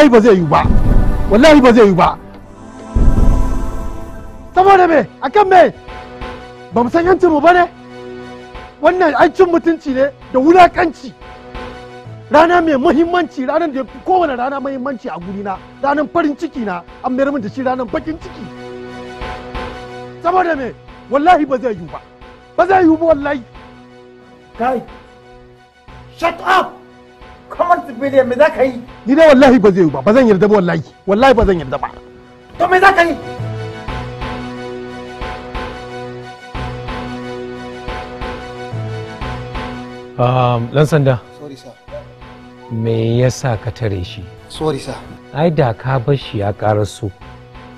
wallahi ba zai yi ba wallahi ba zai yi ba saboda me akan me ba mu san yancin mu ba ne wannan an cin mutunci ne da wulakanci rana mai muhimmanci ranar da kowane rana muhimmanci a na ranar farin ciki na an mayar min da shi ranar bakin ciki saboda me wallahi ba zai yi ba ba zai yi ba wallahi kai shut up civilian me za ka yi ni dai wallahi ba zai yi ba ba zan yarda ba wallahi wallahi ba zan yarda ba to me za ka yi Um, dan sanda. Sorry sir. Me yasa ka tare shi? Sorry sir. Ai da ka bar shi ya karaso.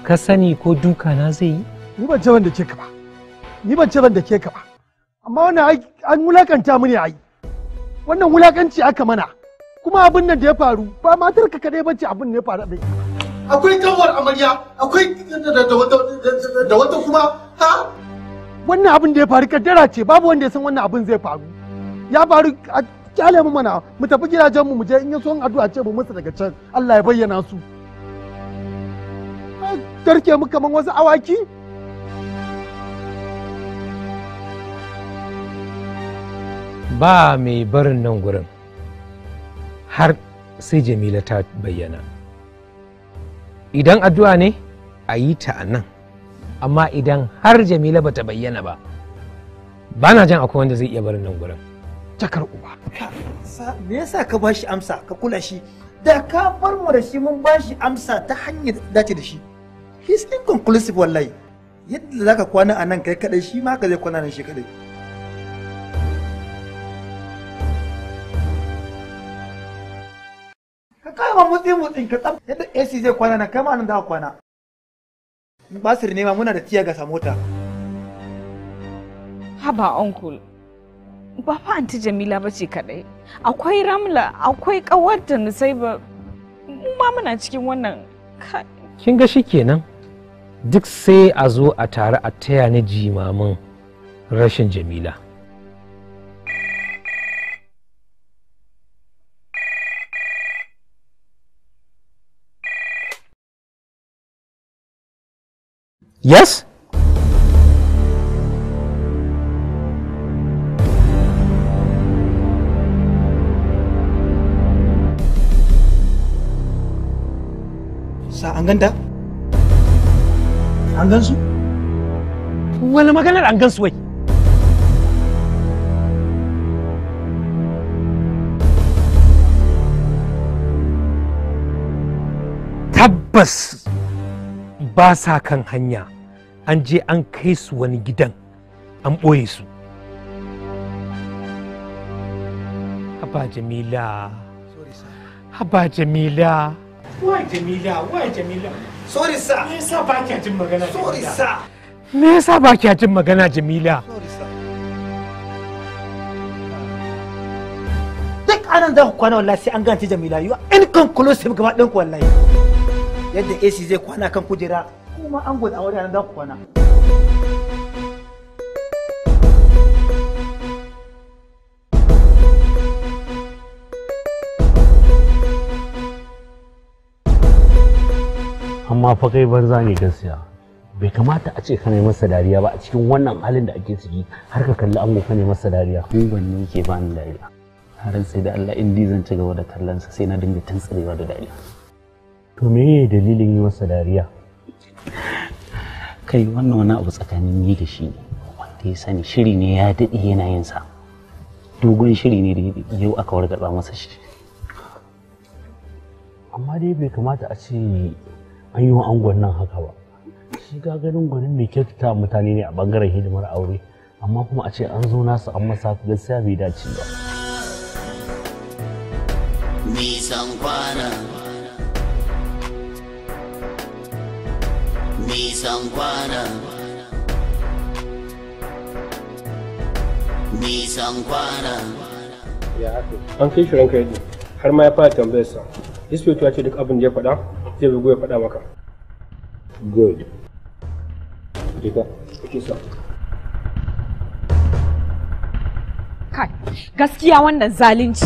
Ka sani ko duka na zai yi? Ni ban ce ban da ke ka ba. Ni ban ce ban da ke ka ba. Amma wannan an wulakanta mu ne ai. Wannan wulakanci aka mana. kuma abin nan da ya faru ba matar ka kadai bace abin ne ya faru dai akwai kawar amarya akwai da wata kuma ha wannan abin da ya faru kaddara ce babu wanda ya san wannan abin zai faru ya faru a kyale mu mana mu tafi gidajen mu mu je in ya son addu'a ce mu musu daga can Allah ya bayyana su tarke mu kaman wasu awaki ba mai barin nan gurin har sai jamila ta bayyana idan addu'a ne a yi ta a nan amma idan har jamila ba ta bayyana ba ba na jan akwai wanda zai iya barin nan gurin takar uba me yasa ka ba shi amsa ka kula shi da ka bar mu da shi mun ba shi amsa ta hanyar dace da shi he's inconclusive wallahi yadda zaka kwana a nan kai kadai shi ma ka zai kwana nan shi kadai ka kama motsi motsin ka tsam yadda AC zai kwana na kai ma nan za ka kwana basir ne ma muna da tiya gasa mota haba uncle ba fa anti jamila ba ce kadai akwai ramla akwai kawarta nusaiba ma muna cikin wannan kin ga shikenan duk sai a zo a tare a taya ni jimamin rashin jamila Yes? Sa an ganta? An gansu? Wani maganar an gansu wai. Tabbas ba sa kan hanya an je an kai su wani gidan an ɓoye su haba jamila haba jamila wai jamila wai jamila sorry sa me yasa ba kya jin magana sorry sa me yasa ba kya jin magana jamila sorry sa duk anan za ku kwana wallahi sai an ganci jamila you are inconclusive gaba ɗin ku wallahi yadda AC zai kwana kan kujera kuma an gwada a nan za kwana. Amma fa kai banza ne gaskiya. Bai kamata a ce kana masa dariya ba a cikin wannan halin da ake ciki har ka kalli ango kana masa dariya. kun ban ne ke ba ni dariya. Har sai da Allah in zan ci gaba da sa sai na dinga tantsarewa da dariya. to me dalilin yi masa dariya kai wannan wani abu tsakanin ni da shi ne wanda ya sani shiri ne ya daɗe yana yin sa dogon shiri ne da yau aka wargatsa masa shi amma dai bai kamata a ce an yi wa angon nan haka ba shi ga ganin gwanin mai kyautata mutane ne a bangaren hidimar aure amma kuma a ce an zo nasu an masa gaskiya bai dace ba nisan kwana nisan kwana ya an kai shi ranka yadda har ma ya fara tambayar sa ispirito ya ce duk abin da ya faɗa zai bugu ya faɗa maka good Jika. Ake sa. Kai, gaskiya wannan zalunci.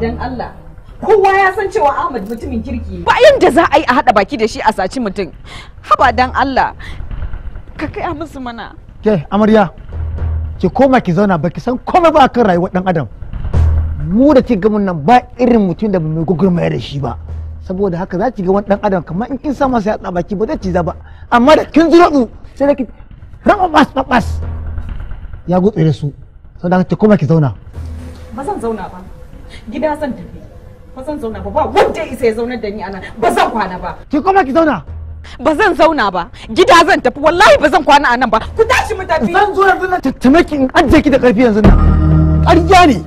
dan Allah. kowa ya san cewa Ahmad mutumin kirki bayan da za a yi a hada baki da shi a saci mutum haba dan Allah ka kai musu mana ke amarya ki koma ki zauna baki san komai ba kan rayuwar dan adam mu da ci gamin nan ba irin mutum da mai gugurmaya da shi ba saboda haka za ki ga wani dan adam kamar in kin sa sai a baki ba zai ci ba amma da kin zuru sai da ki rama bas bas ya gutsire su saboda haka ki koma ki zauna ba zan zauna ba gida zan tafi zan zauna ba ba wanda isa ya zaunar da ni anan ba zan kwana ba ki kuma ki zauna ba zan zauna ba gida zan tafi wallahi ba zan kwana anan ba ku tashi mu tafi zan zo yanzu na tattame ki in ajiye ki da karfi yanzu nan ƙarya ne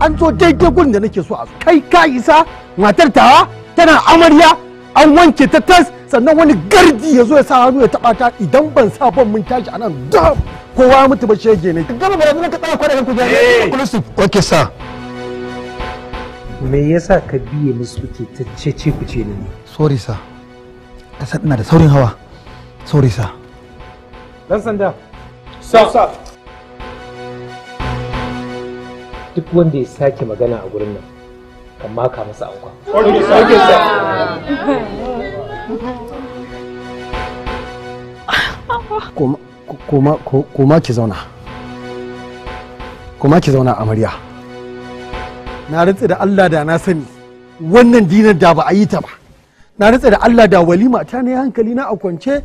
an zo daidai gurin da nake so a kai ka isa matar tawa tana amarya an wanke ta tas sannan wani gardi ya zo ya sa hannu ya taba ta idan ban sa ban mun tashi anan dam kowa mutu ba shege ne gaba ba yanzu ka tsaya kwana kan ku kulusuf eh! okay sa me yasa ka biye ni suke ta cece ku ce ni sorry sa kasar ina da saurin hawa sorry sa dan sanda sa sa duk wanda ya sake magana a gurin nan kan maka masa anko sorry sa okay sa koma koma koma ki zauna koma ki zauna amarya na rantsa da Allah da na sani wannan dinar da ba a yi ta ba na rantsa da Allah da walima ta ne hankali na a kwance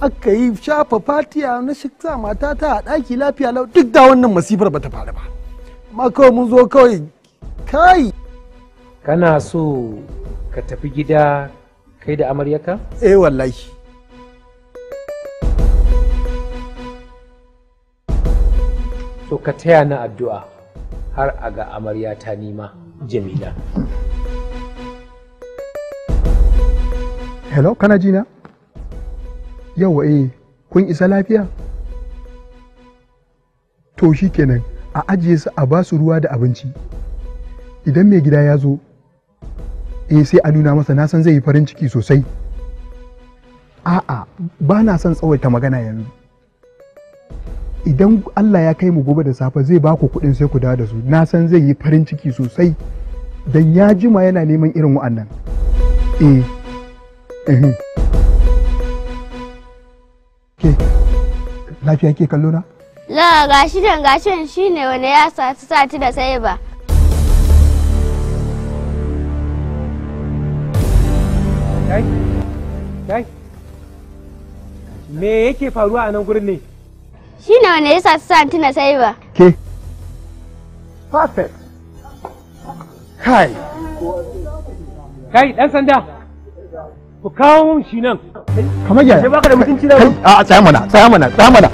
aka yi shafa fatiya na shiksa mata ta a ɗaki lafiya lau duk da wannan masifar ba ta faru ba amma kawai mun zo kawai kai kana so ka tafi gida kai da amaryaka eh wallahi to ka taya na addu'a har a ga amarya ta nima jamila hello kana jina yau eh kun isa lafiya to shi kenan a ajiye su a basu ruwa da abinci idan mai gida ya zo eh sai a nuna masa na san zai yi farin ciki sosai a'a ba na son tsawaita magana yanzu idan Allah ya kai mu gobe da safe zai baku kuɗin sai ku dawo da su na san zai yi farin ciki sosai dan ya jima yana neman irin wa'annan eh ke lafiya ke kallo na la gashi dan gashin shine wani ya sati sati da sai ba kai kai me yake faruwa a nan gurin ne Shi ne wane yasa sa su sa tuna sai ba. Ke. Perfect. Kai. Kai ɗan sanda. Ku kawo mun shi nan. Kamar yaya. Sai baka da mutunci na. a tsaya mana, tsaya mana, tsaya mana.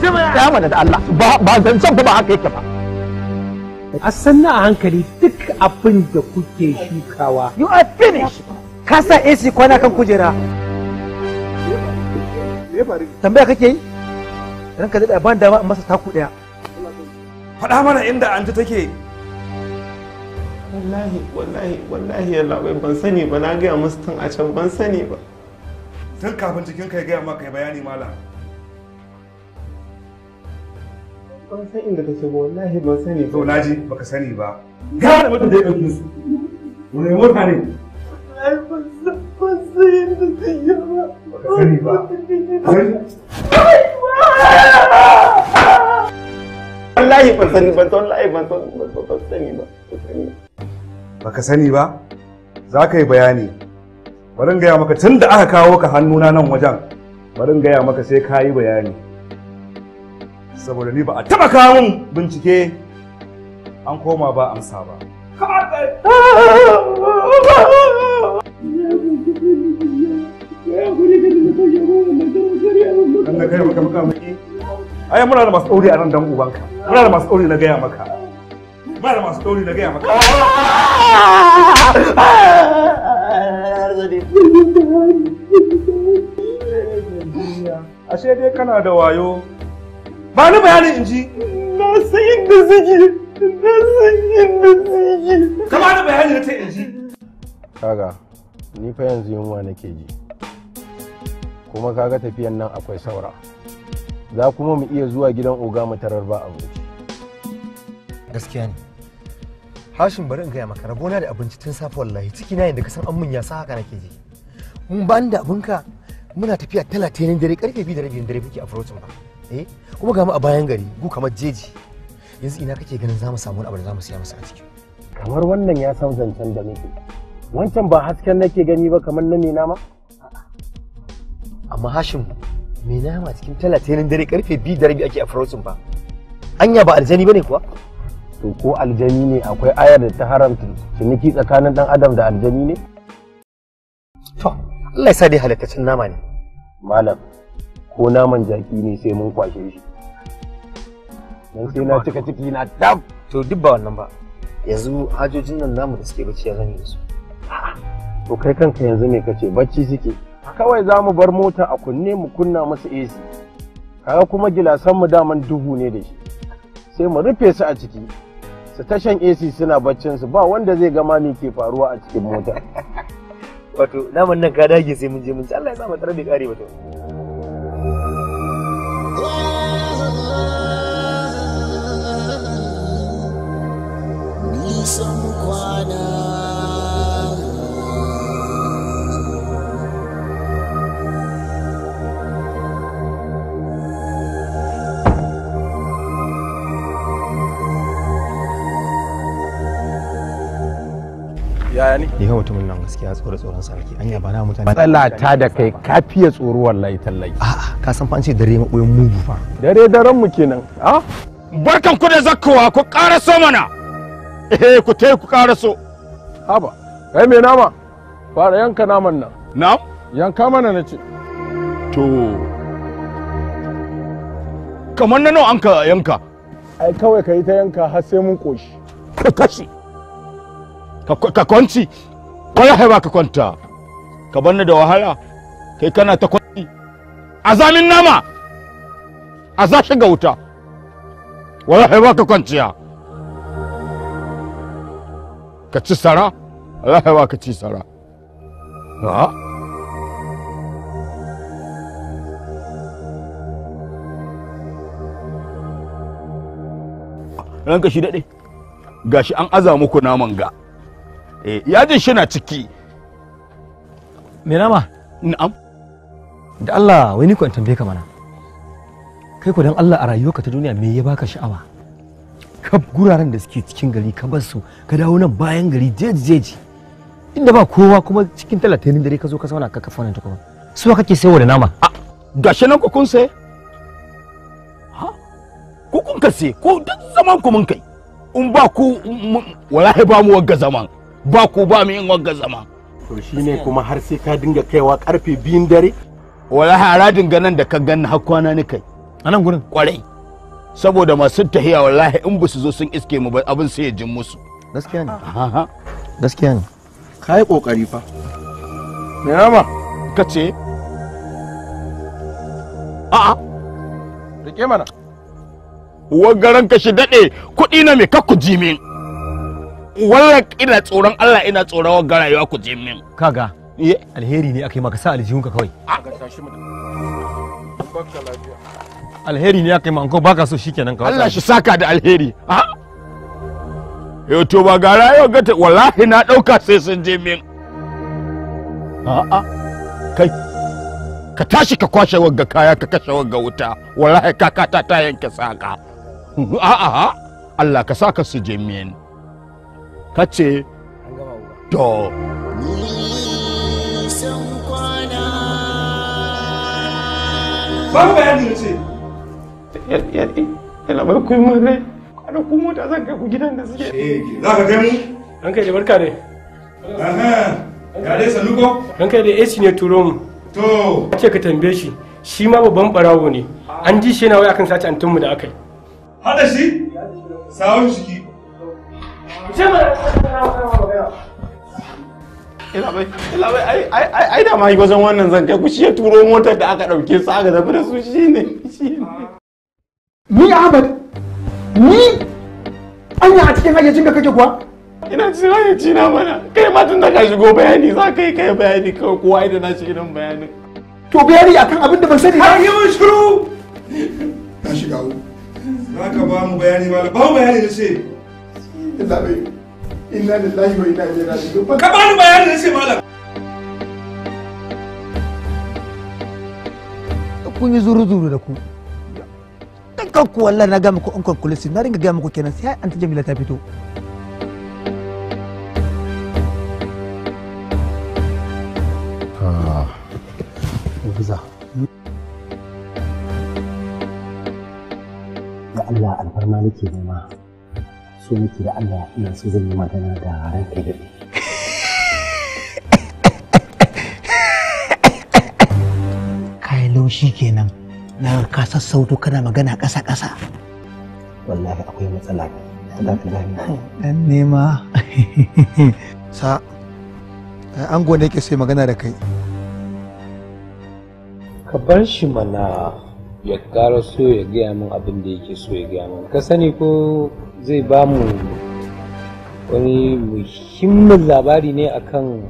Tsaya mana da Allah. Ba ba zancen ba haka yake ba. A sanna a hankali duk abin da kuke shukawa. You are finished. Kasa AC kwana kan kujera. me ya faru tambaya kake yi ranka da ban dama in masa taku daya faɗa mana inda anti take wallahi wallahi wallahi yalla ban sani ba na gaya musu tun a can ban sani ba tun kafin cikin kai gaya maka bayani mala ban san inda take ba wallahi ban sani ba to baka sani ba ga da mutum da ya dauke su wani mota ne baka sani ba. Wallahi ban sani ba, sani ba. Ba sani ba? Za ka yi bayani. Bari in gaya maka tun da aka kawo ka hannuna nan wajen bari in gaya maka sai ka yi bayani. Saboda ni ba a taɓa kawo min bincike an koma ba amsa ba. na gaya maka maka maki ai muna da masu ɗauri a nan dan ubanka muna da masu ɗauri na gaya maka muna da masu ɗauri na gaya maka ashe dai kana da wayo ba ni bayanin in ji na san yadda zigi na san ka ba bayanin da ta in ji kaga ni fa yanzu yunwa nake ji kuma kaga tafiyan nan akwai saura za kuma mu iya zuwa gidan oga mu tarar ba abinci gaskiya ne hashin bari in gaya maka rabona da abinci tun safe wallahi ciki na yadda ka san an mun ya sa haka nake ji mun ban da abinka muna tafiya talatin dare karfe biyu da rabi dare muke a furotin ba eh kuma ga mu a bayan gari gu kamar jeji yanzu ina kake ganin za mu samu wani abu da za mu siya masa a ciki kamar wannan ya san zancen da muke wancan ba hasken nake gani ba kamar na ne na ma amma hashin me nama cikin talatin dare karfe biyu da rabi ake a farosin ba anya ba aljani bane kuwa to ko aljani ne akwai ayar da ta haramta ciniki tsakanin dan adam da aljani ne to Allah ya sa dai halittacin nama ne malam ko naman jaki ne sai mun kwashe shi dan sai na cika ciki na dab to duk ba wannan ba yanzu hajojin nan namu da suke bacci ya zan yi su to kai kanka yanzu me kace bacci suke kawai za mu bar mota a kunne mu kunna masa AC kaga kuma gilasan mu daman duhu ne da shi sai mu rufe su a ciki su tashan AC suna baccin su ba wanda zai gama mami ke faruwa a cikin mota wato naman nan ka dage sai mun je mun ci Allah ya sa mu tarbi kare wato Some kwana yaya ne ni mutumin nan gaskiya tsoro tsoron sa nake anya ba na mutane matsala ta da kai ka fiye tsoro wallahi tallahi a'a ka san fa an ce dare makoyin mugu fa dare daren mu kenan a barkan ku da zakkowa ku karaso mana eh ku te ku karaso haba kai me nama fara yanka naman nan naam. yanka mana na ce to kamar na nawa an ka yanka ai kawai ka yi ta yanka har sai mun koshi ka kashi ka kwanci ya ba ka kwanta ka banni da wahala kai kana ta kwanci azamin nama a shi ga wuta wala ba ka kwanciya ka ci sara wala ba ka ci sara ranka shi daɗe gashi an aza muku naman ga eh yajin shi na ciki me na'am da Allah wai ni an tambaye ka mana kai ku dan Allah a rayuwarka ta duniya me ya baka sha'awa ka guraren da suke cikin gari ka bar su ka dawo nan bayan gari jeji jeji inda ba kowa kuma cikin talatin dare ka zo ka zauna ka kafa wannan tukuma su kake sayo da nama a gashi nan ku kun sai ku kun ka sai ku duk zaman ku mun kai in ba ku wallahi ba mu wagga zaman ba ku ba mu yin wagga zama to shine kuma har sai ka dinga kaiwa karfe biyun dare wala haradin ganan da ka ganni har kwana ni kai a nan gurin kwarai saboda masu tahiya wallahi in ba su zo sun iske mu ba abin sai ya jin musu gaskiya ne gaskiya ne kai kokari fa me ka kace a'a rike mana wa garan ka shi dade kuɗi na me ka ku jimin wallan ina tsoron Allah ina tsoron ga rayuwa ku je min kaga alheri ne akai maka sa aljihun ka kawai alheri ne akai maka baka so shikenan kawai Allah shi saka da alheri ha yau to ba ga rayuwa ga wallahi na dauka sai sun je min a'a kai ka tashi ka kwashe wagga kaya ka kashe wagga wuta wallahi kakata ta yanke saka a'a Allah ka saka su je min ka ce to ban eh, ne ce yana bai kuyi mun rai kada ku mota zan kai ku gidan da suke za ka kai mu an kai da barka dai ya dai saluko ko an kai da ac ne turo mu to ce ka tambaye shi shi ma babban barawo ne an ji shi yana wai akan sace mu da akai hada shi sawun shi ai da ma wajen wannan zan kai ku shi ya turo motar da aka ɗauke su aka tafi da su shi ne ni ahmad ni an anya a cikin hayyacin ka kake kuwa ina cikin hayyaci na mana kai ma tun da ka shigo bayani za ka yi kai bayani kawai kowa idan na shiga nan bayanin to bayani akan abin da ban sani har yi shiru ka shiga za ka ba mu bayani ba ba mu bayani da shi. illa bai inna lillahi wa inna ilaihi raji'un ka bani bayanin sai malam kun yi zuru-zuru da ku dukkan ku wallahi na ga muku in conclusive na ringa ga muku kenan sai an ta jamila ta fito Muguza. Ah. Ya Allah alfarma nake nema. so nake da Allah ina so zan yi magana da ranka da ni. kai laushi kenan na ka sassauto kana magana ƙasa ƙasa wallahi akwai matsala za ka gane dan nema sa an gone ke sai magana da kai ka bar shi mana ya ƙara so ya gaya min abin da yake so ya gaya min ka sani ko zai ba mu wani muhimmin labari ne akan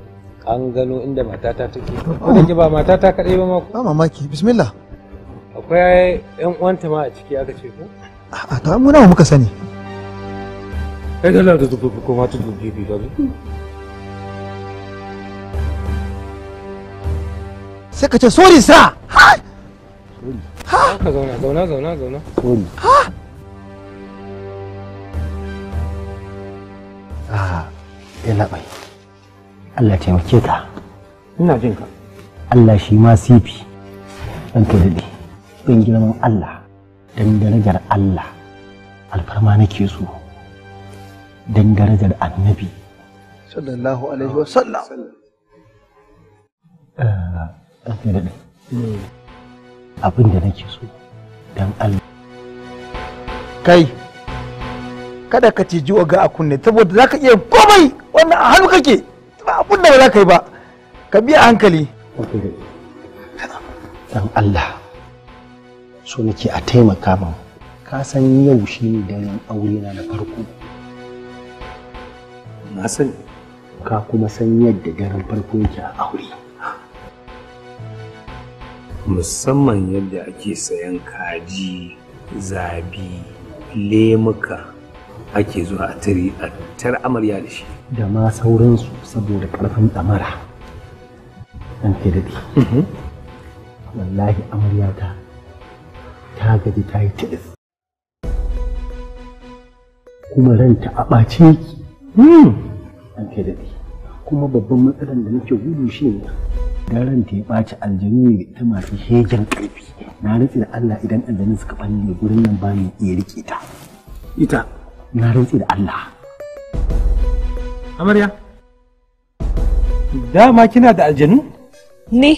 an gano inda matata take ko da ba matata kaɗai ba ma ba mamaki bismillah akwai yan uwanta ma a ciki aka ce ko a ta mu nawa muka sani kai da da dubu ko ma ta dubu bi ba sai ka ce sorry sa ha ka zauna zauna zauna zauna sorry ha ah ina bai Allah taimake ka ina jin ka Allah shi ma sifi ranka dade don girman Allah don darajar Allah alfarma nake so don darajar annabi sallallahu alaihi wasallam ah, ka dade hmm. abin da nake so don Allah. Kai, kada ka ciji waga a kunne saboda za ka iya komai wannan a hannu kake ba abin da ba za ka yi ba ka biya hankali. Don Allah, so nake a taimaka min ka san yau shi ne daren aure na na farko. Na sani. Ka kuma san yadda daren farko yake a aure. musamman yadda ake sayan kaji zabi lemuka ake zuwa a a tar amarya da shi da ma sauransu saboda karfin damara an ke daɗi mhm. wallahi amarya ta ta gaji ta yi tilis kuma ranta a ɓace yake hmm. an ke daɗi kuma babban matsalar da nake gudu shi ne daren ta ya ɓaci aljanu ne ta masu shegen ƙarfi na rantsi da Allah idan aljanu suka balle gurin nan ba ni iya rike ta ita na rantsi da Allah amarya dama kina da aljanu ne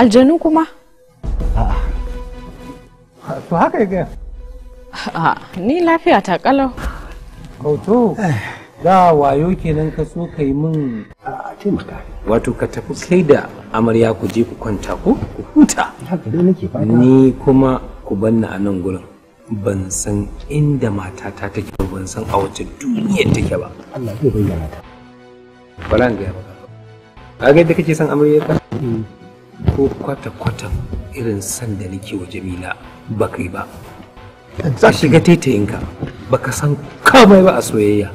aljanu kuma a'a to haka ya gaya a'a ni lafiya ta kalau kauto eh. da wayo kenan ka so ka yi min wato ka tafi kai da amarya ku je ku kwanta ko ku huta ni kuma ku banna a nan gurin ban san inda matata take ba ban san a wace duniya take ba Allah zai bayyana ta bala ga ba ka ga yadda kake san amarya ka eh. ko kwata kwata irin san da nake wa Jamila ba kai ba ka shiga taitayinka baka san kamai ba a soyayya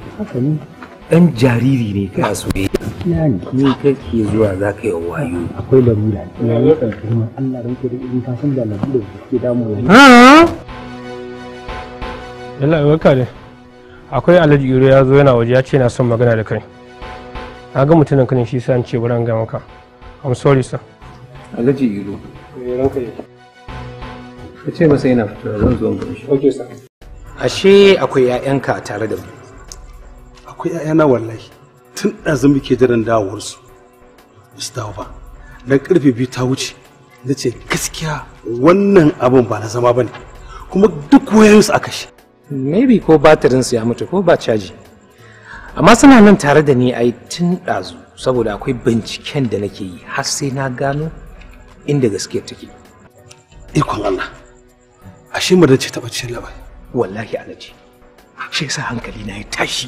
dan jariri ne kai a soyayya ni ke zuwa za ka yi wayo akwai larura ina yi alfahima allah ranke da irin kasan da larura da ke damu ne yalla barka ne akwai alhaji iro ya zo yana waje ya ce na son magana da kai na ga mutumin kanin shi an ce bari ga maka i'm sorry sir alhaji iro eh, ranka yake ce masa yana fitowa zan zo mu shi oke sa ashe akwai ƴaƴanka tare da mu akwai ƴaƴana wallahi tun ɗazu muke jiran dawowarsu su dawo dan karfe biyu ta wuce na ce gaskiya wannan abin ba na zama ba ne kuma duk wayoyinsu aka shi maybe ko batirinsu ya mutu ko ba caji amma suna nan tare da ni ai tun ɗazu saboda akwai binciken da nake yi har sai na gano inda gaske take ikon Allah ashe mu ce taɓa cikin labai wallahi alaji shi yasa hankali na ya tashi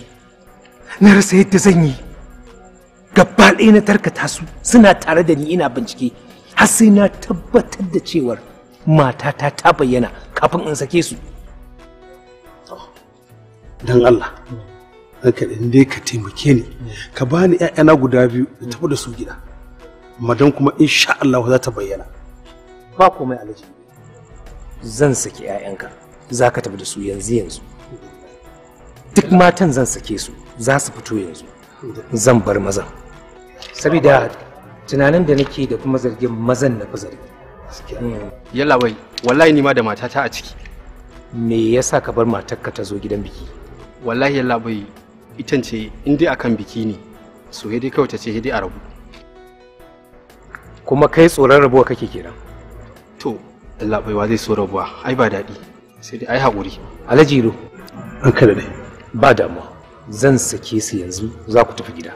na rasa yadda zan yi gaba ɗaya na tarkata su suna tare da ni ina bincike har sai na tabbatar da cewar matata ta bayyana kafin in sake su don Allah ranka dai ka taimake ni ka bani ƴaƴana guda biyu da tafi da su gida madan kuma insha Allah za ta bayyana ba komai alaji zan saki 'ya'yanka za ka tafi da su yanzu yanzu duk matan zan sake su za su fito yanzu zan bar mazan saboda tunanin da nake da kuma zargin mazan na fi zargi hmm. yalla wai wallahi ni ma da matata a ciki me yasa ka bar matarka ta zo gidan biki wallahi yalla bai itan ce in dai akan biki ne so dai kawai ta ce dai a rabu kuma kai tsoron rabuwa kake kenan to Allah wa zai so rabuwa ai ba daɗi sai dai ai haƙuri alhaji ro ranka da dai ba damuwa zan sake su yanzu za ku tafi gida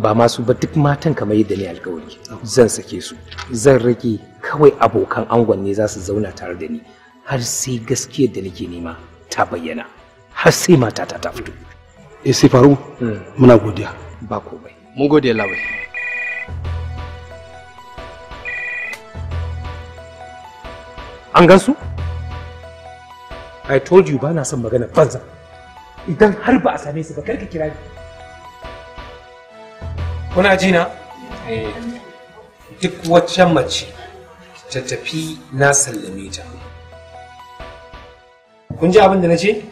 ba masu ba duk matan kamar yadda ne alƙawari zan sake su zan rage kawai abokan angon ne za su zauna tare da ni har sai gaskiyar da nake nema ta bayyana har sai matata ta fito. Eh sai faru hmm. muna godiya. Ba komai. Mun gode bai an gansu i told you ba na son magana banza idan har ba a same su ba kar ka kira ni kuna ji na eh, duk wacce mace ta tafi na sallame ta kun ji abin da na ce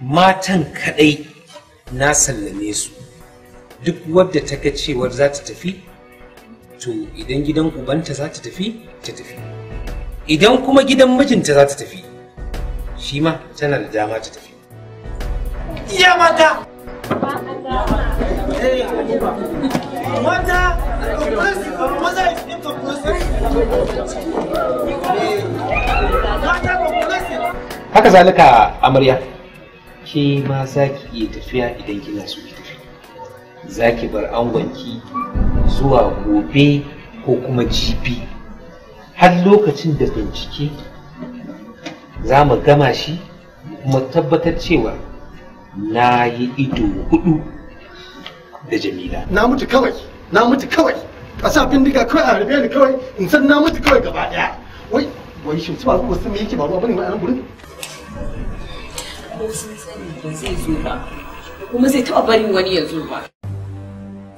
matan kadai na sallame su duk wadda ta ga cewar za ta tafi to idan gidan ubanta za ta tafi ta tafi idan kuma gidan mijinta za ta tafi shi ma tana da dama ta tafi iya mata mata haka zalika amarya ke ma za ki iya tafiya idan kina so ki tafi za ki bar angonki zuwa gobe ko kuma jibi har lokacin da bincike za mu gama shi kuma tabbatar cewa na yi ido hudu da jamila na mutu kawai na mutu kawai a sa bindiga kawai a harbe ni kawai in san na mutu kawai gaba daya wai wai shi ba ku san me yake faruwa bane a nan gurin ko sun ba zai zo ba kuma zai taba barin wani ya zo ba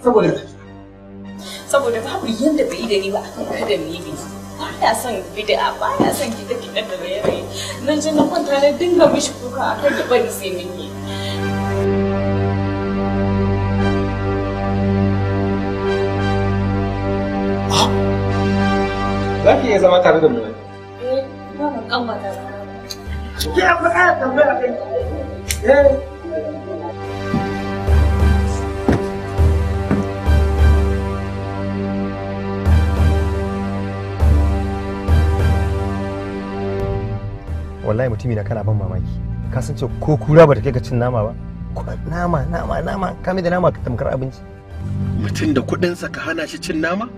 saboda saboda babu yanda bai gani ba akan kada mu yi baya ya son bid'a baya son kiɗa kiɗa da raye-raye nan jin na kwanta na dinga mishi kuka a kan gaban sai mun yi za ki iya zama tare da mu ne? Eh, ba mu kan ta ba. Ki abu ɗaya tambaya kai. Eh, wallahi mutumi na kana ban mamaki ka san cewa ko kura ba ta kai ka cin nama ba nama nama nama ka mai da nama ka tamkar abinci mutum da sa ka hana shi cin nama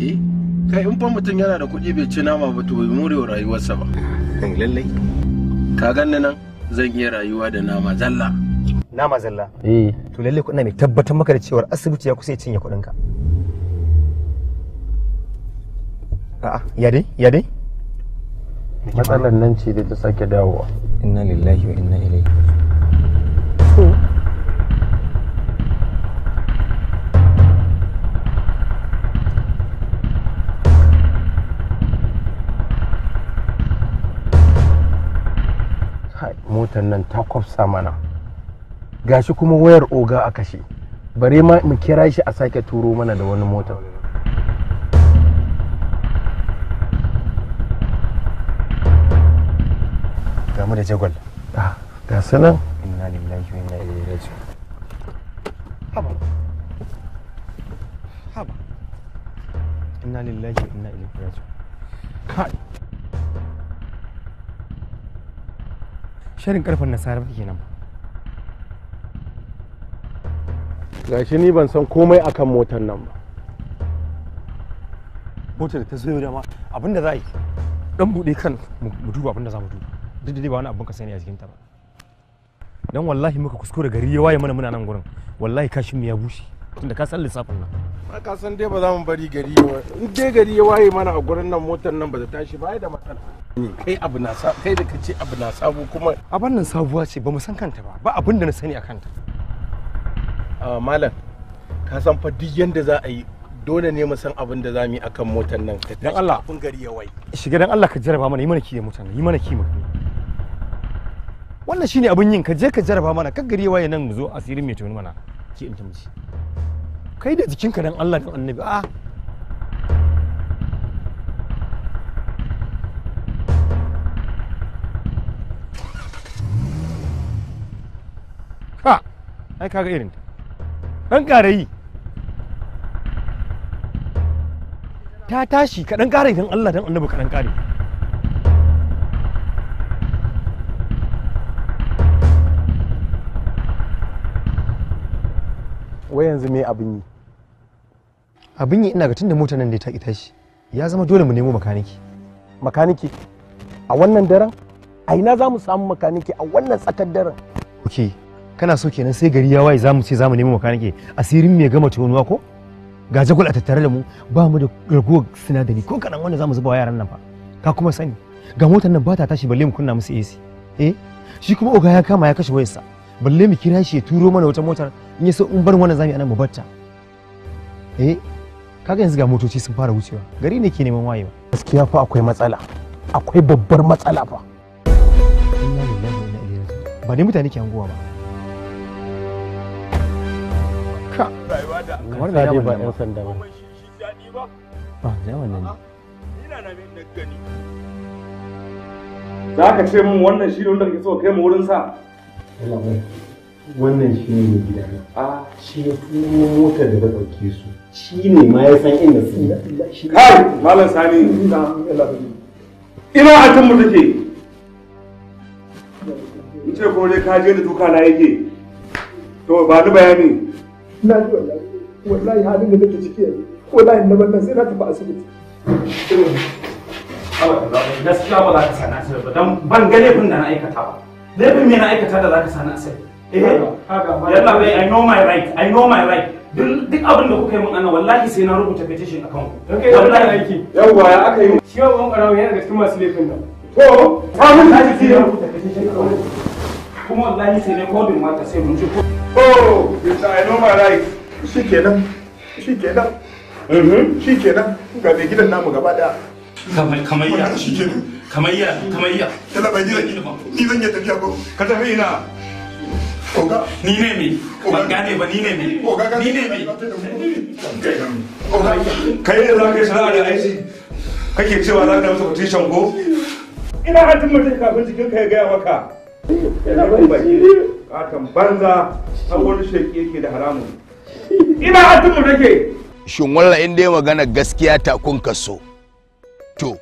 eh kai in fa mutum yana da kuɗi bai ci nama ba to bai more rayuwarsa ba eh, lallai ka ganni nan zan iya rayuwa da nama zalla nama zalla eh to lallai kuɗin mai tabbatar maka da cewar asibiti ya kusa ya cinye ka. a'a ya dai ya dai matsalar nan ce da ta sake dawowa inna lillahi wa inna ilaihi motar nan ta kwafsa mana gashi kuma wayar oga a kashe bare ma mu kira shi a sake turo mana da wani motar ga mu da jagwal ah, ga sanan inna lillahi wa inna ilaihi raji'un haba haba inna lillahi wa inna ilaihi raji'un kai sharin karfin nasara ba kenan ba gashi ni ban san komai akan motar nan ba motar ta zo da ma abinda za yi dan bude kan mu duba abinda za mu duba duk da dai ba wani abun ka sani a ta ba dan wallahi muka kuskure gari ya waye mana muna nan gurin wallahi kashin mu ya bushe tunda ka san lissafin nan ba ka san dai ba za mu bari gari ya waye in dai gari ya waye mana a gurin nan motar nan ba ta tashi ba da matsala kai abu na sa kai da kace abu na sabo kuma abin nan sabuwa ce ba mu san kanta ba ba abin da na sani a kanta a malam ka san fa duk yanda za a yi dole ne mu san abin da za mu yi akan motar nan dan Allah kun gari ya waye shiga dan Allah ka jarraba mana yi mana kiyaye motar nan yi mana kiyaye wannan shine abin yin ka je ka jaraba mana kan gari waye nan mu zo asirin mai tuni mana ki in tamci kai da jikinka dan Allah dan annabi a ha ai kaga irin dan karayi ta tashi ka dan kare dan Allah dan annabi ka dan kare wai yanzu me abin yi abin yi ina ga tunda motar nan da ta ki shi ya zama dole mu nemo makaniki makaniki a wannan daren a ina za mu samu makaniki a wannan tsakar daren ok kana so kenan sai gari ya waye za mu ce za mu nemo makaniki asirin mai gama tonuwa ko ga jagul a tattare da mu ba mu da ragowar sinadari ko kaɗan wanda za mu zuba wa yaran nan fa ka kuma sani ga motar nan ba ta tashi balle mu kunna musu AC eh shi kuma oga ya kama ya kashe wayarsa balle mu kira shi ya turo mana wata motar in so in bar wannan zami anan mu batta eh kaga yanzu ga motoci sun fara wucewa gari ne ke neman wayewa gaskiya fa akwai matsala akwai babbar matsala fa ba ne mutane ke anguwa ba ka rayuwa da ba yan sanda ba ba da wannan ina na min gani za ka ce mun wannan shi ne wanda kake so kai mu wurin sa wannan shi ne mai gida ah. a shi ya tuno motar da ta ɗauke su shi ne ma ya san inda su yi kai malam sani ina a can mu take in ce ko dai ka je da duka na yake to ba ni bayani na ji wallahi wallahi halin da nake ciki yanzu wallahi na wannan sai na tafi asibiti gaskiya ba za ka sani asibiti ba don ban ga laifin da na aikata ba laifin me na aikata da za ka sani asibiti Eh, yalla bai i know my right i know my right duk abin da kuka yi mun ana wallahi sai na rubuta petition akan ku wallahi aiki yawwa ya aka yi shi wa barawo yana da cikin masu laifin nan to ta mun ta ji rubuta petition kuma wallahi sai ne kodin mata sai mun ji ko oh i know my right mhm. ga mai gidan namu gaba daya kamar ya kamar ya kamar ya ni zan yi tafiya ko ka tafi ina ni ne me ban gane ba ni ne me ni ne me kai ne za ka yi sana'a da aiki kake cewa za ka masa petition ko ina hatin mutum kafin cikin kai ya gaya maka yana ban baki katon banza an wani sheki yake da haramun ina hatin mutum ke shin wallah in dai magana gaskiya ta kun kaso to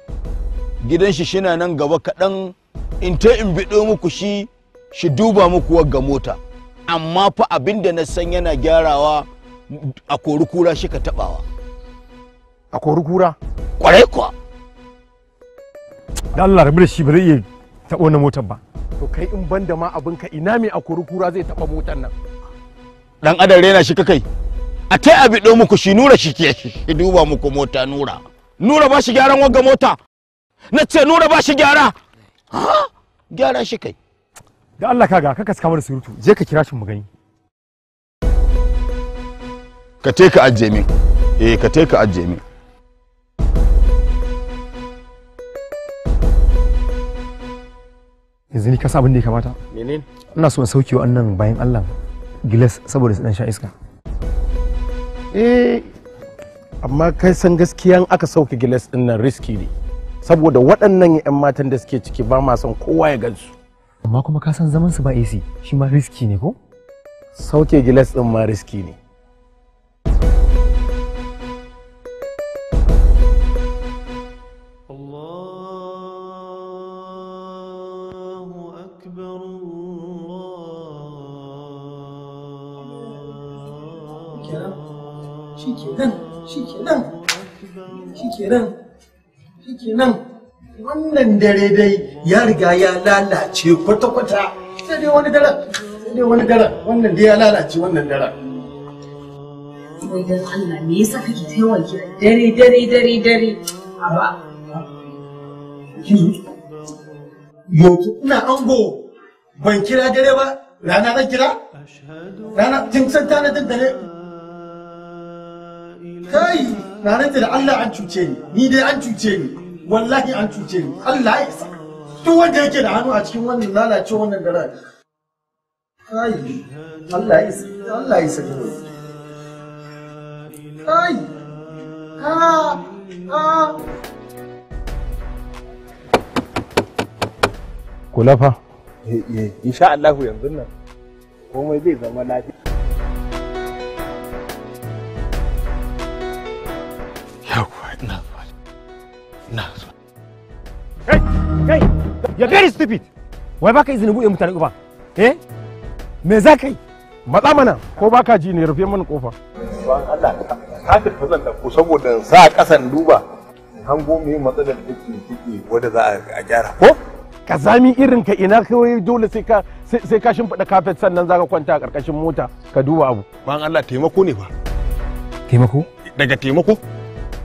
gidan shi shina nan gaba kaɗan in ta in biɗo muku shi shi duba muku ga mota amma fa abin da na san yana gyarawa a kori kura shi ka tabawa a kori kura kwarai kuwa da Allah rabu da shi ba zai iya tabo na motar ba to kai in ban da ma abin ka ina me a kori kura zai taɓa motar nan dan adam rena shi kakai a tai abi ɗo muku shi nura shi ke shi duba muku mota nura nura ba shi gyaran wagga mota na ce nura ba shi gyara ha gyara shi kai da Allah ka kaka saka da surutu je ka kira shi mu gani ka te ka ajje min eh ka te ka ajje min yanzu ni ka abin da ya kamata menene ina so in sauke wannan bayan Allah gilas saboda su dan sha iska eh amma kai san gaskiya aka sauke gilas din nan riski ne saboda waɗannan 'yan matan da suke ciki ba ma son kowa ya gansu amma kuma ka san zaman su ba AC shi ma riski ne ko sauke gilas din ma riski ne shikenan shikenan shikenan shikenan wannan dare dai ya riga ya lalace kwata-kwata sai dai wani daren sai dai wani daren wannan dai ya lalace wannan daren wai dan Allah me yasa kake ta yawan dare dare dare dare a ba yanzu ina ango ban kira dare ba rana na kira rana tun san tana tun dare kai na da Allah an cuce ni ni dai an cuce ni wallahi an cuce ni Allah ya isa duk wanda yake da hannu a cikin wannan lalace wannan gara kai Allah ya isa Allah ya isa kai ha ah kula fa eh, eh, insha Allah yanzu nan komai zai zama lafiya yawa ina na so kai kai ya very stupid wai baka izinin buɗe mutane uba eh me za ka yi matsa mana ko baka ji ne rufe mana ƙofa. ban Allah ka tafi zan da ku saboda za a kasan duba hango mu matsalar da take ciki wanda za a gyara ko ka kazami irin ka ina kawai dole sai ka sai ka shimfiɗa kafet sannan zaka kwanta a ƙarƙashin mota ka duba abu ban Allah taimako ne ba. taimako daga taimako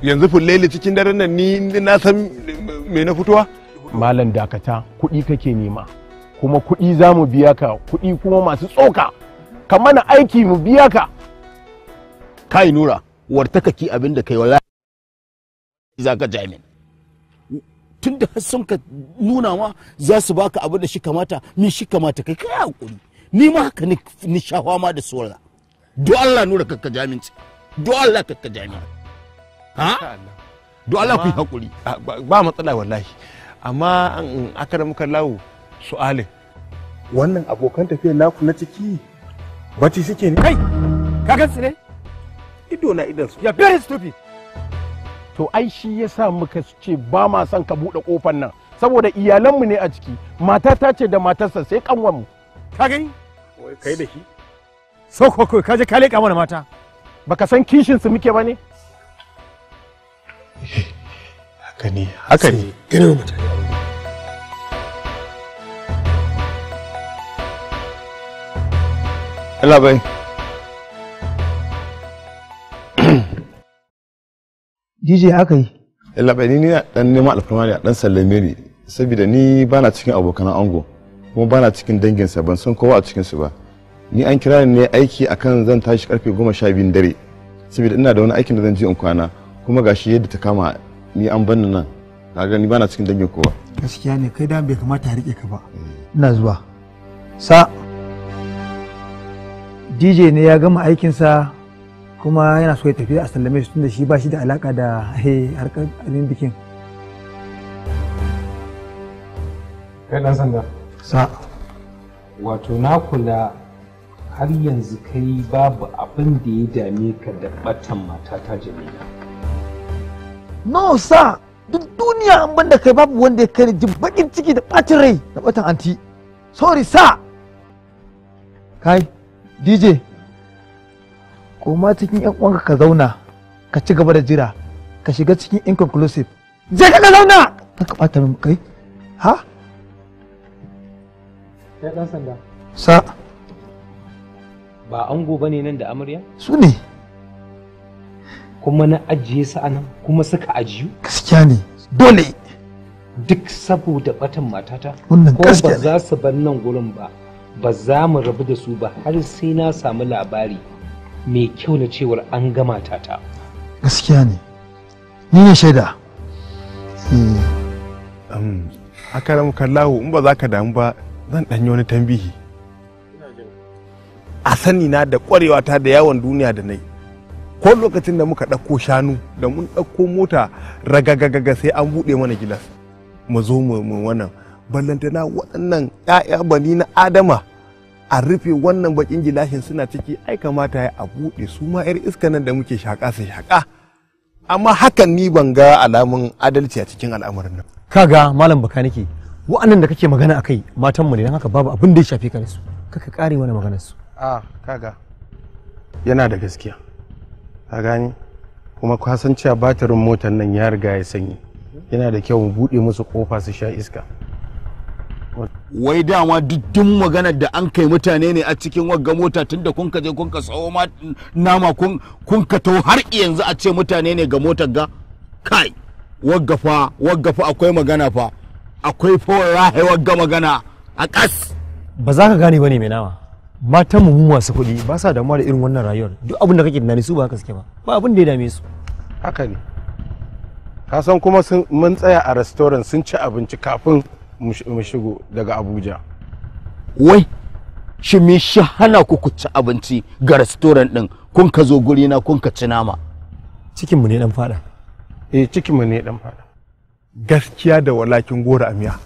yanzu fulleli cikin daren nan ni na san me na fitowa malam dakata kuɗi kake nema kuma kuɗi za mu biya ka kuɗi kuma masu tsoka ka mana aiki mu biya ka kai nura wartaka ki abin da kai wala za ka jamin tun da sun ka nuna ma za su baka abin da shi kamata min shi kamata kai kai hakuri ni ma haka ni shawa ma da sola do Allah nura kakka jami'in do Allah kakka jami'in ha duk Allah ku yi hakuri ah, ba matsala wallahi amma an mm, aka da muka lawo su'alin wannan abokan tafiyar naku na ciki bacci suke ne kai ka gansu ne ido na idan su ya very stupid to ai shi yasa muka ce ba ma son ka bude kofar nan saboda iyalanmu ne a ciki mata ta ce da matarsa sai kanwanmu ka gani kai da shi so ko ka je ka leka mana mata baka san kishin su muke ba ne haka ne haka ne ganin mutane Allah bai DJ haka yi Allah bai ni dan neman alfarma ne dan sallame ni saboda ni bana cikin abokan ango kuma bana cikin danginsa ban san kowa a cikinsu ba ni an kira ni ne aiki akan zan tashi karfe goma sha biyun dare saboda ina da wani aikin da zan je in kwana kuma gashi yadda ta kama ni an banni nan kaga ni bana cikin dangin kowa gaskiya ne kai da bai kamata a rike ka ba eh. ina zuwa sa DJ ne ya gama aikinsa kuma yana so ya tafi a sallame shi tunda shi ba shi da alaka da eh, harkar abin bikin kai dan sanda sa wato na kula har yanzu kai babu abin da ya dame ka da batan matata jami'a no sa duk duniya an banda kai babu wanda ya kai jin bakin ciki da bacin rai da batan anti sorry sa kai dj koma cikin yan uwanka ka zauna ka ci gaba da jira ka shiga cikin inconclusive je ka zauna ka bata min kai ha sai dan sanda sa ba ango bane nan da amarya su ne kuma na ajiye su a nan kuma suka ajiyu gaskiya ne dole duk saboda batan matata ko ba za su bar nan gurin ba ba za mu rabu da su ba har sai na samu labari mai kyau na cewar an ga matata. gaskiya ne ni ne shaida eh. a karan kallawo in ba za ka damu ba zan ɗanyi wani tambihi a sani na da ƙwarewata ta da yawon duniya da nai ko lokacin da muka ɗauko shanu da mun ɗauko mota ragagagaga sai an buɗe mana gilas mu zo mu wannan ballantana waɗannan ƴaƴa bani na adama a rufe wannan bakin gilashin suna ciki ai kamata ya a buɗe su ma 'yar iska nan da muke shaƙa su shaƙa amma hakan ni ban ga alamun adalci a cikin al'amarin nan kaga malam baka nake wa'annan da kake magana akai matan mu ne dan haka babu abin da ya shafe ka su kaka kare mana maganar su a ah, kaga yana da gaskiya a gani kuma ka cewa batirin motar nan ya riga ya sanyi yana da kyau mu bude musu kofa su sha iska wai dama duddun magana da an kai mutane ne a cikin wagga mota tun da kun je kun ka tsawo nama kun ka tau har yanzu a ce mutane ne ga motar ga kai wagga fa wagga fa akwai magana fa akwai fa rahe wagga magana a kas ba za ka gane bane mai nama matan mu masu kuɗi ba sa damuwa da irin wannan rayuwar duk abin da kake tunani su ba haka suke ba ba abin da ya dame su haka ne ka san kuma mun tsaya a restaurant sun ci abinci kafin mu shigo daga abuja wai shi me shi hana ku ku ci abinci ga restaurant din kun ka zo guri na kun ka ci nama cikin mu ne dan fada eh cikin mu ne dan fada gaskiya da walakin gora amiya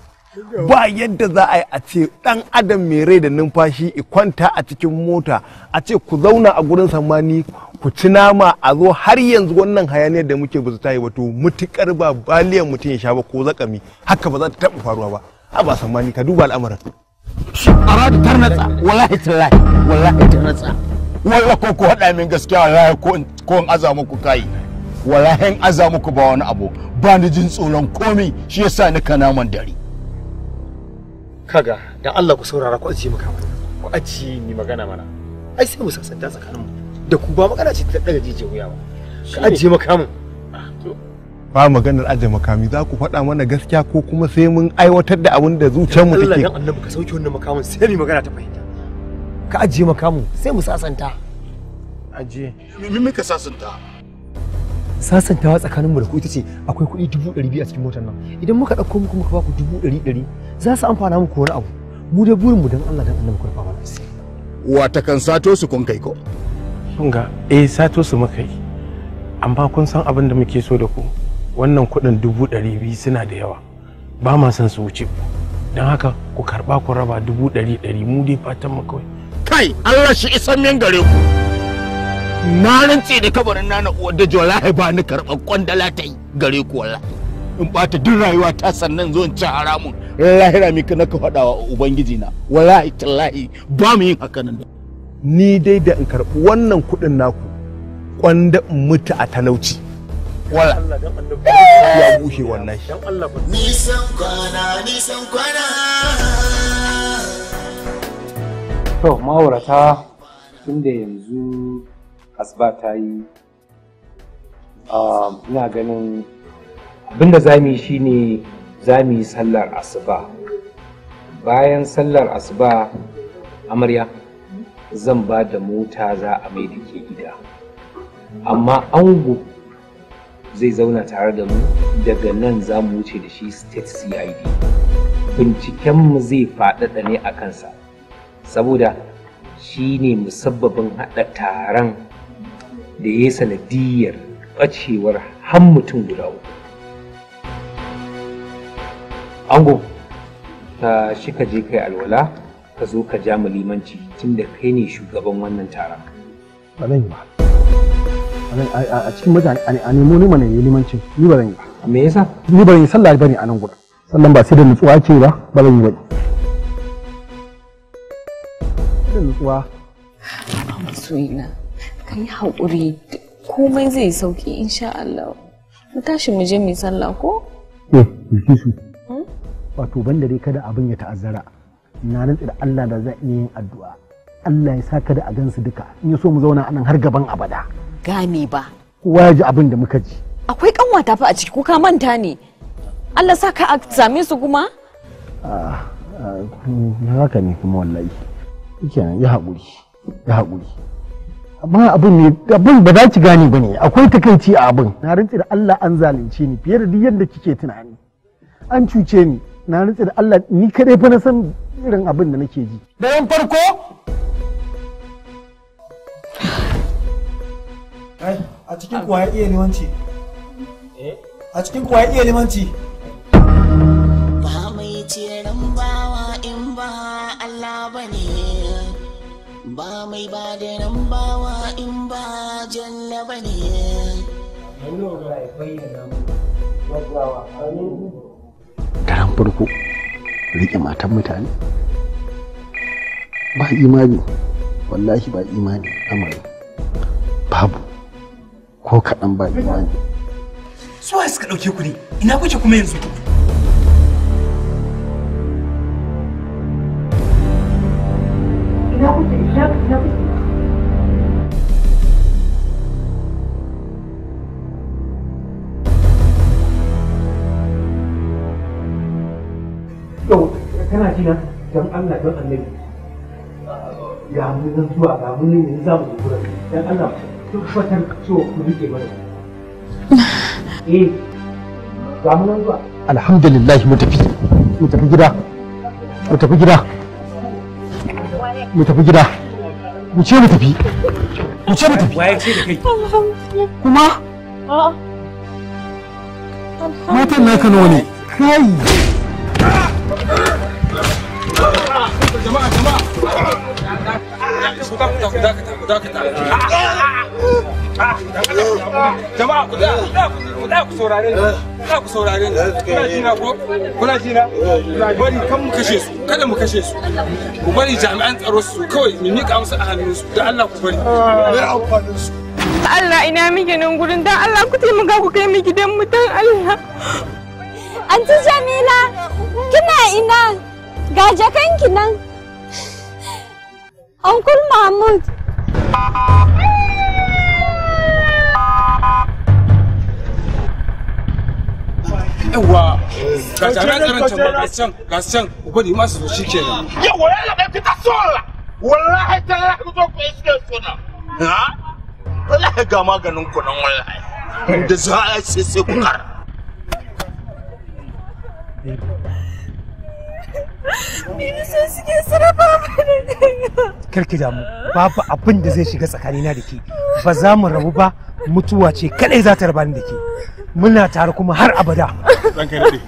ba yadda za a yi a ce dan adam mai rai da numfashi i kwanta a cikin mota a ce ku zauna a gurin samani ku ci nama a zo har yanzu wannan hayaniyar da muke ba su ta yi wato mutukar ba baliyan mutum ya sha ba ko zakami haka ba za ta taɓa faruwa ba a ba samani ka duba al'amarin. aradu tarnatsa wallahi tallahi wallahi tarnatsa wallahi ko ku haɗa min gaskiya wallahi ko in aza muku kai wallahi in aza muku ba wani abu ba ni jin tsoron komi shi yasa ni ka naman dare. kaga da Allah ku saurara ku ajiye muka mana ku ajiye ni magana mana ai sai mu sasanta tsakanin mu da ku ba magana ce ta daga jijiyar wuya ba ka ajiye makamin ba maganar ajiye makami za ku faɗa mana gaskiya ko kuma sai mun aiwatar da abin da zuciyar mu take Allah dan annabi ka sauke wannan makamin sai mu magana ta fahimta ka ajiye makamu sai mu sasanta ajiye me ka sasanta sasantawa tsakaninmu da ku ita ce akwai kuɗi dubu ɗari biyu a cikin motar nan idan muka ɗauko muku muka ba ku dubu ɗari ɗari za su amfana muku wani abu mu da burinmu don Allah don Allah muku rufa mana asiri. Wata kan sato su kun kai ko? Kun ga eh sato su muka yi amma kun san abin da muke so da ku wannan kuɗin dubu ɗari biyu suna da yawa ba ma son su wuce ku don haka ku karɓa ku raba dubu ɗari ɗari mu dai fatan mu kawai. Kai Allah shi isan min gare ku. na rantse da kabarin nana uwar da wallahi ba ni karɓar kwandala ta yi gare ku wallahi in ɓata duk rayuwa ta sannan zo in ci haramun lahira mi na ka faɗa wa ubangiji na wallahi tallahi ba mu yin haka nan ni dai da in karɓi wannan kuɗin naku kwanda in mutu a talauci wala ya bushe wallahi nisan kwana nisan kwana to ma'aurata tunda yanzu asuba ta yi ah, ina ganin abinda za mu yi shine za mu yi sallar asuba bayan sallar asuba amarya zan ba da mota za a mai da ke gida amma ango zai zauna tare da mu daga nan za mu wuce da shi state cid mu zai faɗaɗa ne a kansa saboda shi ne musabbabin haɗa taron da ya yi sanadiyar ɓacewar har mutum guda uku ango ta shi ka je kai alwala ka zo ka ja mu limanci tunda kai ne shugaban wannan taron ba zan yi ba a cikin mutane a nemo ni mana yi limanci ni ba zan yi ba me yasa ni ba zan yi sallah bane a nan gurin Sallar ba sai da nutsuwa ce ba ba zan yi ba da nutsuwa na. ka yi haƙuri komai zai sauki insha Allah mu tashi mu je mu sallah ko eh su hmm? wato banda dai kada abin ya ta'azzara na rantsi da Allah da za iya yin addu'a Allah ya saka da a gansu duka in ya so mu zauna anan har gaban abada gane ba kowa ya ji abin da muka ji akwai kanwata fa a ciki ko ka manta ne Allah sa ka a same su kuma a ah, ah, haka ne kuma wallahi kenan ya haƙuri ya haƙuri amma abin ne abin ba za ki gane bane akwai takaici a abin na rantsi da Allah an zalunce ni fiye da duk yadda kike tunani an cuce ni na rantsi da Allah ni kadai fa na san irin abin da nake ji yan farko a cikin kuwa ya iya limanci eh? a cikin kuwa ya iya limanci ba mai ba da nan bawa in ba jalla ba ne daren farko rike matan mutane ba imani wallahi ba imani amari babu ko kaɗan ba imani suwa suka ɗauke ku ne ina kuke kuma yanzu jina don Allah don annabi ya mun nan zuwa ga mun ne za mu zuwa don Allah duk fatan so ku rike mana eh ga mun nan zuwa alhamdulillah mu tafi mu tafi gida mu tafi gida mu tafi gida mu ce mu tafi mu ce mu tafi waye ce da kai kuma a'a ah. matan na kano ne kai jama'a jama'a ku dakata ku dakata ku dakata jama'a ku da ku saurare ni da ku saurare ni kuna jina ko kuna jina bari kan mu kashe su kada mu kashe su ku bari jami'an tsaro su kawai mu mika musu a hannun su da Allah ku bari mai amfanin su Allah ina miki nan gurin dan Allah ku taimaka ku kai mu gidan mu dan Allah Anti Jamila kina ina ga kanki nan Uncle Mahmud. Yawwa, ga can ga can gwadi masu su shi ke nan. Yawwa, ya laɓe fita sola. Wallahi ta lafi zo ku yi suke na. Ha? Wallahi ga maganin ku nan wallahi. Da za a sai sai ku kara. Bibi so suke sarrafa mana Karki damu, babu abin da zai shiga tsakanina da ke. Ba za mu rabu ba, mutuwa ce kadai za ta raba ni da ke. Muna tare kuma har abada. Ranka ya daɗe,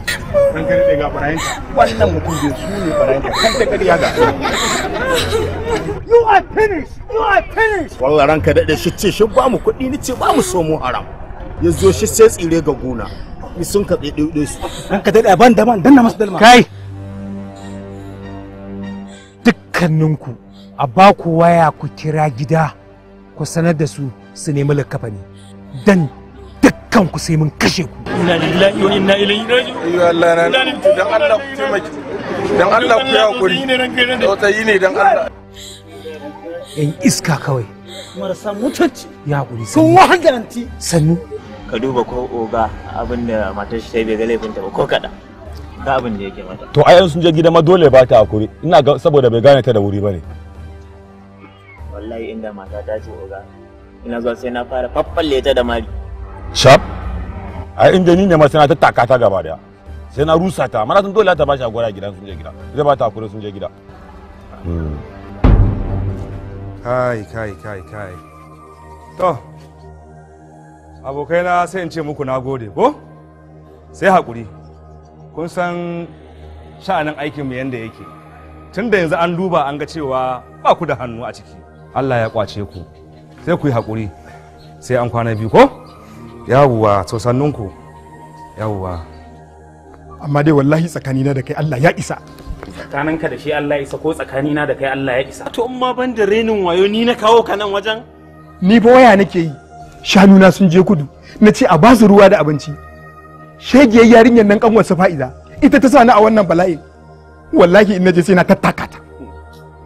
ranka ya daɗe ga barayinka. Wannan mutum bai su ne barayinka, kan ta ƙarya ga. You are finished, you are finished. Wallah ranka daɗe shi ce shi ba mu kuɗi ni ce ba mu so mu haram. Ya zo shi sai tsire ga gona. Ni sun ka tsaye ɗaiɗai su. Ranka daɗe a ban da ban danna masu dalma. Kai! dukkaninku a ba ku waya ku kira gida ku sanar da su su nemi likkafa ne dan dukkan ku sai mun kashe ku inna lillahi wa inna ilaihi raji'un ayyo Allah na dan Allah ku taimaki dan Allah ku ya ta yi ne dan Allah yan iska kawai marasa mutunci ya hakuri sun wahalanti sannu ka duba ko oga abinda matar shi ta yi bai ga laifinta ba ko kaɗan ta abin da yake mata to ai sun je gida ma dole ba ta hakuri ina ga saboda bai gane ta da wuri bane wallahi inda mata ta ce oga ina zuwa sai na fara faffalle ta da mari shap ai inda ni ne ma sai na tattaka ta gaba daya sai na rusa ta mana tun dole ta bashi agwara gidan sun je gida zai ba ta hakuri sun je gida hmm. kai kai kai kai to abokaina sai in ce muku na gode ko sai hakuri. kun san sha'anin aikinmu yadda yake tun da yanzu an duba an ga cewa ba ku da hannu a ciki allah ya kwace ku sai ku yi haƙuri sai an kwana biyu ko yawuwa to sannunku yawuwa amma dai wallahi tsakanina da kai allah ya isa tsakaninka da shi allah ya isa ko tsakanina da kai allah ya isa to amma ban da renin wayo ni na kawo ka nan wajen ni ba waya nake yi Shanu na sun je kudu na ce a basu ruwa da abinci shege yarinyar nan kanwar fa'iza ita ta sani a wannan bala'in wallahi in naje sai na tattaka ta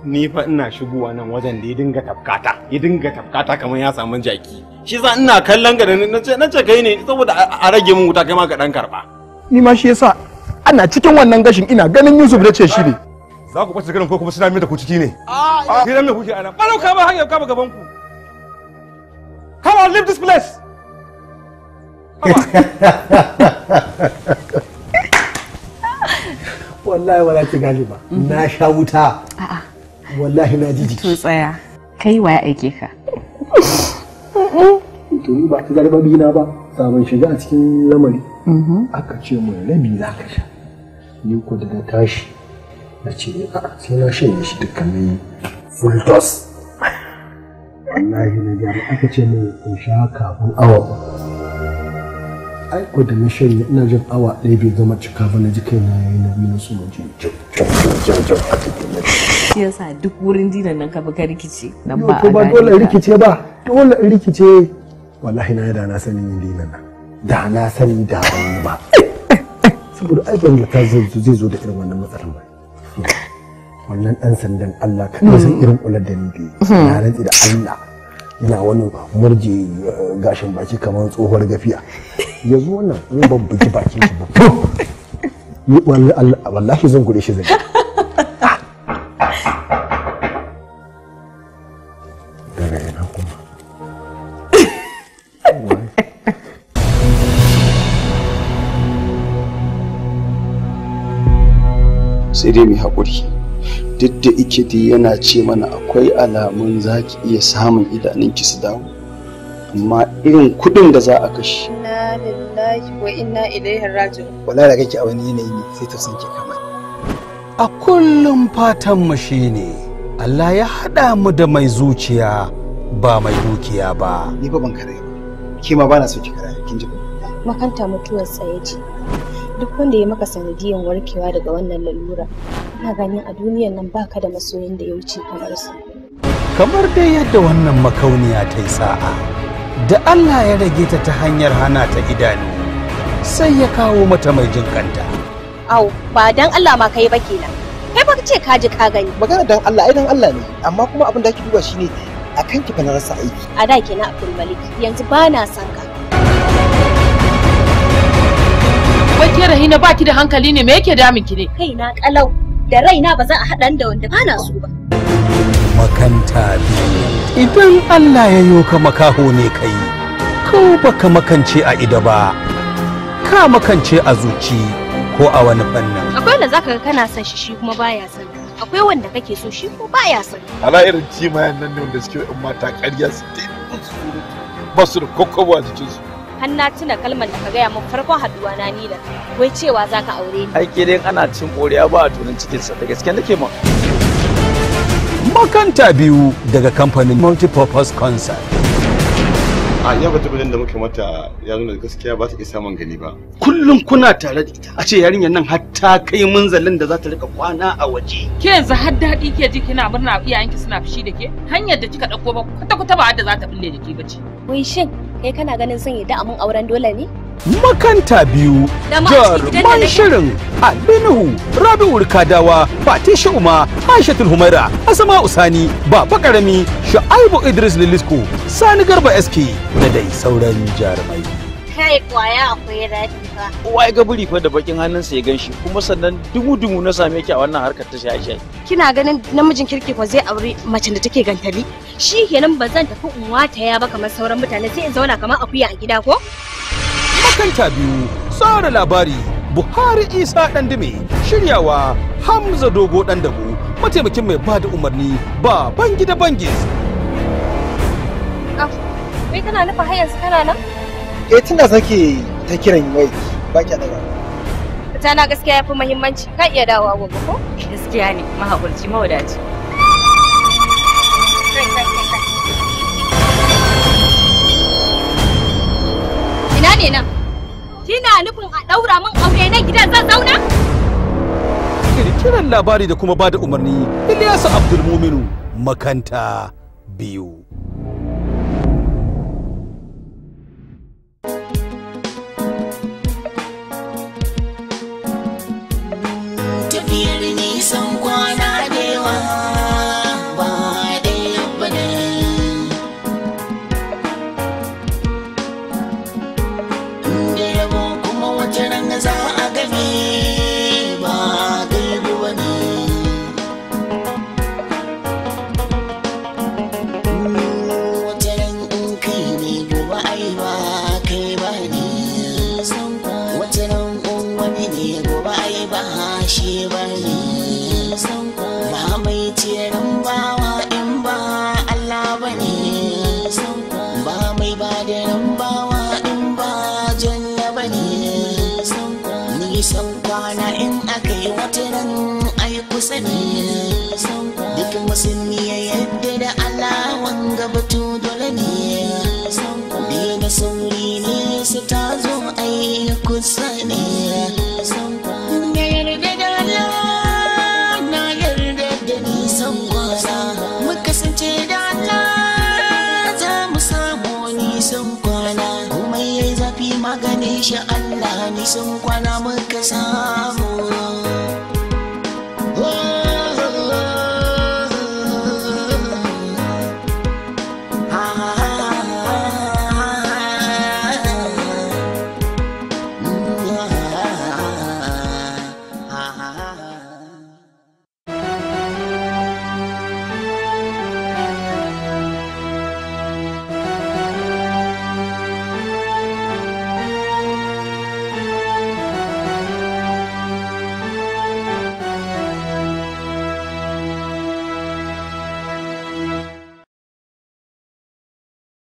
ni fa ina shigowa nan wajen da ya dinga tafkata ya dinga tafkata kamar ya samu jaki shi sa ina kallon ga na ce kai ne saboda a rage min wuta kai ma ka dan karba ni ma shi yasa ana cikin wannan gashin ina ganin Yusuf da ce shi ne za ku bace garin ko kuma suna mai da ku ciki ne a hiran me kuke ana balo ka ba hanyar ka ba gaban ku come on leave this place wallahi wala ki gane ba na sha wuta wallahi na ji jiki to tsaya kai waya aike ka to ni ba ka gane ba bina ba sabon shiga a cikin lamari mhm. aka ce mu rabi za ka sha ni ko da na tashi na ce a sai na shanye shi dukkanin full dose wallahi na gane aka ce mu in sha kafin awa ba Aiko da na ina jin awa ɗaya bai zama cika ba na ji na yayi na biyu na su maji shi yasa duk wurin dinan nan ka bi ka rikice nan ba a ba dole rikice ba dole rikice wallahi na da na sanin yin dinan nan da na sani da ban ba saboda ai ban da ta zai zo da irin wannan matsalar. ba wannan dan sandan Allah ka san hmm. irin kular da ni na rantsi da Allah ina wani murji eh, gashin baki kamar tsohuwar gafiya yanzu wannan ba ban bugi bakin shi ba wallahi zan gure shi zan sai dai mai haƙuri duk da ike da yana ce mana akwai alamun za ki iya samun idanunki su dawo amma irin kuɗin da za a kashe inna lillahi wa inna ilaihi raji'un wala da kake a wani yanayi ne sai ta sanke kamar a kullum fatan mu shine Allah ya haɗa mu da mai zuciya ba mai dukiya ba ni ba ban kare ki ma bana so ki kare kin ji makanta mutuwar tsaye ce duk wanda ya maka sanadiyan warkewa daga wannan lalura ina ganin a duniyan nan baka da masoyin da ya wuce kamar su kamar dai yadda wannan makauniya ta yi sa'a da Allah ya rage ta ta hanyar hana ta idanu sai ya kawo mata mai jin kanta au ba dan Allah ma kai ba kenan kai ba ce ka ji ka gani magana dan Allah ai dan Allah ne amma kuma abin da ake duba shine akan ki fa na rasa aiki a da kenan Abdul Malik yanzu ba na san ka Wai ke Rahina baki da hankali ne me yake damun ki ne? na kalau da raina ba za a haɗa da wanda ba na so ba. Makanta idan Allah ya yo ka makaho ne kai ko baka makance a ido ba ka makance a zuci ko a wani fannin. Akwai wanda zaka ga kana son shi shi kuma baya son Akwai wanda kake so shi ko baya son Ala irin yan nan ne wanda suke yan mata ƙarya su ba su da kokobo a jikinsu. har na tuna kalmar da ka gaya min farkon haduwa na ni da wai cewa za ka aure ni aiki dai ana cin koriya ba a tunan cikin sa da gaske nake ma makanta biyu daga kamfanin multipurpose concert a ga tabbatin da muke mata ya nuna gaskiya ba ta isa man gani ba kullum kuna tare da ita a ce yarinyar nan har ta kai munzalin da za ta rika kwana a waje ke yanzu har daɗi ke ji kina murna iyayenki suna fushi da ke hanyar da kika ɗauko ba kwata kwata ba da za ta bulle da ke bace wai shin kai kana ganin sun yi da amin auren dole ne makanta biyu jaruman shirin alinuhu rabi kadawa fati sha'uma aishatul humaira asama usani baba karami sha'aibu idris lilisko sani garba sk da dai sauran jarumai kai kwaya akwai rati kowa ya ga buri fa da bakin hannunsa ya gan shi kuma sannan dumu-dumu na same ki a wannan harkar ta shaye-shaye kina ganin namijin kirki fa zai aure macen da take gantali shi kenan ba zan tafi uwa ta ya ba kamar sauran mutane sai in zauna kamar akuya a gida ko makanta biyu tsara labari buhari isa dandime shiryawa hamza dogo dandamu mataimakin mai bada umarni ba bangi da bangis ah, Wai kana nufa har kana nan? Eh tunda sake ta kiran wai ba ki daga ta na gaskiya yafi muhimmanci kan iya dawowa gobe ko gaskiya ne mahaƙurci mawadaci ina ne nan kina nufin a ɗaura min aure na gidan zan zauna kiran labari da kuma bada umarni Ilyasu Abdulmuminu makanta biyu